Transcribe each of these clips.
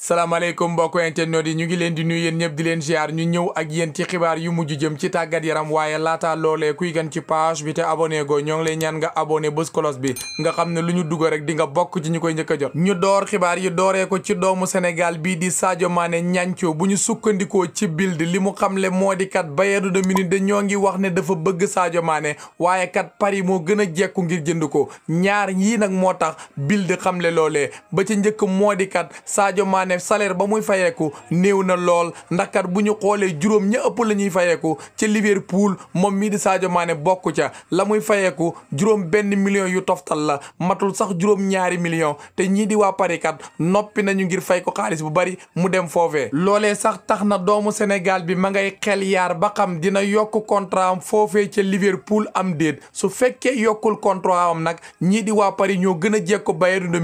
salaamaaleykum mbokk internet yi ñu ngi leen di nuyu yéen ñëpp di leen ziar ñu ñëw ak yéen ci xibaar yu mujj jëm ci tàggat yaram waaye laata loolee kuy gan ci page bi te abone go ñoo ngi lay ñaan nga abonné bés kolos bi nga xam ne lu ñu dugg rek di nga bokk ci ñu koy njëkk a jot ñu door xibaar yi dooree ko ci doomu Sénégal bii di saajo maane ñancoo bu ñu sukkandikoo ci bild li mu xamle moo di kat Bayern de Munich de ñoo ngi wax ne dafa bëgg Sadio maane waaye kat Paris moo gën a jekku ngir jënd ko ñaar yii nag moo tax bild xamle loolee ba ci njëkk moo di kat Sadio Mané ne ba muy fayeeku néew na lool ndax kat bu ñu xoolee juróom ña ëpp la ñuy fayeeku ci Liverpool moom mii di Sadio Mané bokk ca la muy fayeeku juróom benn million yu toftal la matul sax juróom ñaari million te ñii di waa Paris kat noppi nañu ngir fay ko xaalis bu bari mu dem foofee loolee sax tax na doomu Sénégal bi ma ngay xel yaar ba xam dina yokk contrat am foofee ca Liverpool am déet su fekkee yokkul contrat am nag ñii di waa Paris ñoo gën a jekk ko Bayern de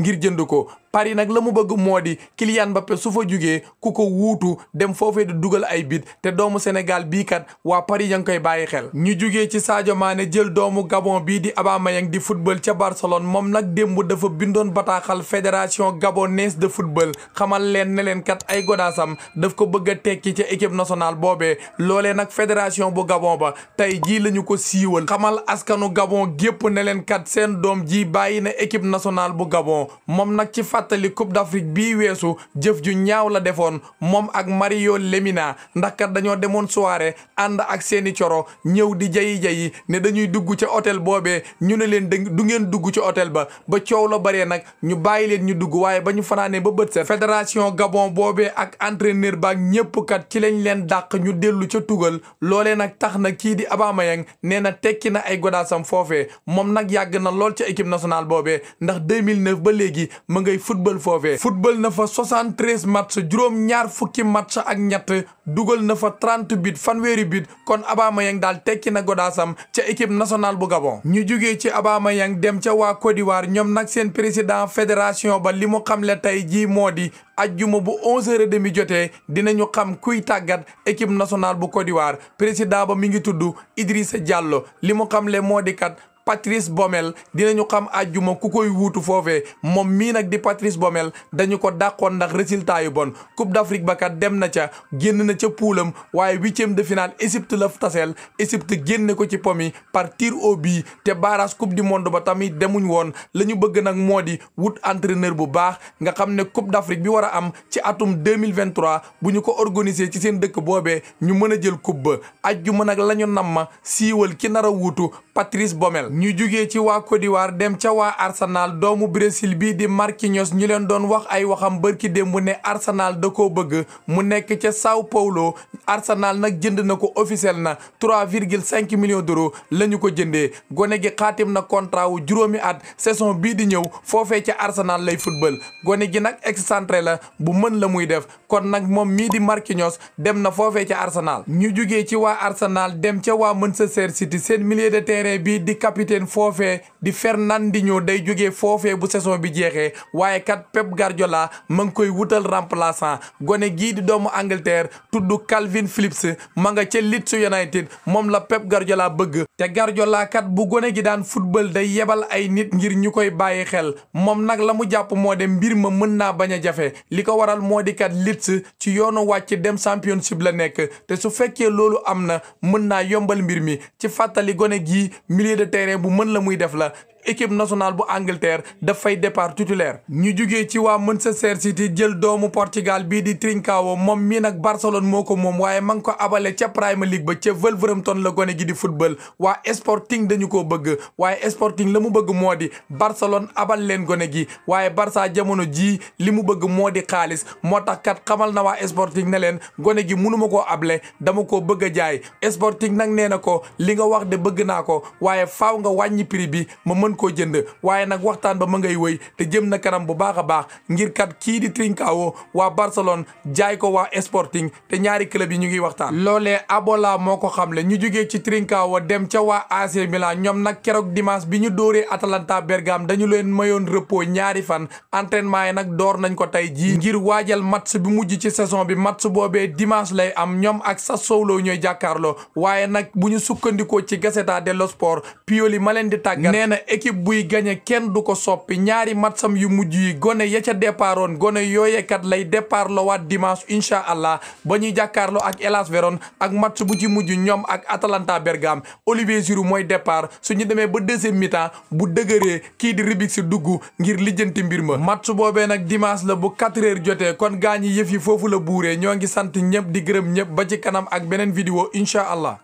ngir jënd ko Paris nag la mu bëgg moo di Kylian Mbappé su fa jugee ku ko wuutu dem foofee di dugal ay bit te doomu Sénégal bii kat waa Paris yaa ngi koy bàyyi xel. ñu jugee ci Sadio maane jël doomu Gabon bii di Abamayang di football ca Barcelone moom nag démb dafa bindoon bataaxal fédération gabonaise de football xamal leen ne leen kat ay godaasam daf ko bëgg a tekki ca équipe nationale boobee loolee nag fédération bu Gabon ba tey jii la ñu ko siiwal xamal askanu Gabon gépp ne leen kat seen doom ji bàyyi na équipe nationale bu Gabon fàttali coupe d'Afrique bii weesu jëf ju ñaaw la defoon moom ak Mario Lemina ndax kat dañoo demoon soirée ànd ak seeni coro ñëw di jayi jayi ne dañuy dugg ca hôtel boobee ñu ne leen du ngeen dugg ci hôtel ba ba coow la baree nag ñu bàyyi leen ñu dugg waaye ba ñu fanaanee ba bët set fédération Gabon boobee ak entraîneur baak ñëpp kat ci lañ leen dàq ñu dellu ca tugal loole nag tax na kii di Abamayang nee na tekki na ay godaasam foofee moom nag yàgg na lool ca équipe nationale boobee ndax 2009 football foofee football na fa 73 match juróom ñaar fukki match ak ñett dugal na fa 30 but fanweeri but kon Abamayang daal tekki na godaasam ca équipe national bu Gabon ñu jugee ci Abamayang dem ca waa Côte d'Ivoire ñoom nag seen président fédération ba li mu xamle tey jii moo di ajjuma bu 11 de mi jotee dinañu xam kuy tàggat équipe national bu Côte d'Ivoire président ba mi ngi tudd Idrissa Diallo li mu xamle moo kat Patrice Bomel dinañu xam àjjuma ku koy wuutu foofee moom mii nag di Patrice Bomel dañu ko dàqoon ndax résultat yu bon Coupe d'Afrique ba kat dem na ca génn na ca puulam waaye huitième de finale Égypte la taseel Égypte génne ko ci pom yi par tir au but te barrage Coupe di monde ba tamit demuñ woon la ñu bëgg nag moo di wut entraîneur bu baax nga xam ne Coupe d'Afrique bi war a am ci atum 2023 bu ñu ko organiser ci seen dëkk boobee ñu mën a jël coupe ba àjjuma nag la ñu nam siiwal ki nar a Patrice Bomel ñu jugee ci waa Côte d'Ivoire dem ca waa Arsenal doomu Brésil bii di Marquinhos ñu leen doon wax ay waxam bërki démb ne Arsenal bëgg mu nekk ca Sao Paulo Arsenal nag jënd na ko officiel na 3,5 millions d'euros la ñu ko jëndee gone gi xaatim na contrat wu juróomi at saison bii di ñëw foofee ca Arsenal lay football gone gi nag excentré la bu mën la muy def kon nag moom mii di Marquinhos dem na foofee ca Arsenal ñu jugee ci waa Arsenal dem ca waa Manchester City seen milieu Sénégalais bi di capitaine foofee di Fernandinho day jógee foofe bu saison bi jeexee waaye kat Pep Guardiola ma ngi koy wutal remplaçant gone gii di doomu Angleterre tudd Calvin Phillips ma nga ca Leeds United moom la Pep Guardiola bëgg te Guardiola kat bu gone gi daan football day yebal ay nit ngir ñu koy bàyyi xel moom nag la mu jàpp moo dem mbir ma mën naa bañ a jafe li ko waral moo di kat Leeds ci yoonu wàcc dem championship la nekk te su fekkee loolu am na mën naa yombal mbir mi milieu de terrain bu mën la muy def la équipe nationale bu Angleterre dafay départ titulaire ñu jugee ci waa Manchester City jël doomu Portugal bii di Trincao moom mii nag Barcelone moo ko moom waaye ma ngi ko abale ca Premier League ba ca Wolverhampton la gone gi di football waa Sporting dañu ko bëgg waaye Sporting la mu bëgg moo di Barcelone abal leen gone gi waaye Barça jamono jii li mu bëgg moo di xaalis moo tax kat xamal na waa Sporting ne leen gone gi mënuma koo able dama koo bëgg a jaay Sporting nag nee na ko li nga wax de bëgg naa ko waaye faaw nga wàññi mën koo jënd waaye nag waxtaan ba ma ngay wëy te jëm na kanam bu baax a baax ngir kat kii di Trincao waa Barcelone jaay ko waa Sporting te ñaari club yi ñu ngi waxtaan. loolee Abola moo ko xam xamle ñu jugee ci Trincao dem ca waa AC Milan ñoom nag keroog dimanche bi ñu dooree Atalanta Bergame dañu leen mayoon repos ñaari fan entraînement yi nag door nañ ko tey jii ngir waajal match bu mujj ci saison bi match boobee dimanche lay am ñoom ak Sassuolo ñooy jàkkaarloo waaye ki buy gañee kenn du ko soppi ñaari matsam yu mujj yi gone ya ca départoon gone yooyekat lay départ lowaat dimanche incha allah ba ñuy jàkkaarloo ak Hellas Verona ak match bu ci mujj ñoom ak Atalanta Bergame Olivier Giroud mooy su suñu demee ba deuxième mi bu dëgëree kii di Ribix si dugg ngir lijjanti mbir ma match boobee nag dimanche la bu quatre heures jotee kon gaa ñi yëf yi foofu la buuree ñoo ngi sant ñëpp di gërëm ñëpp ba ci kanam ak beneen vidéo incha allah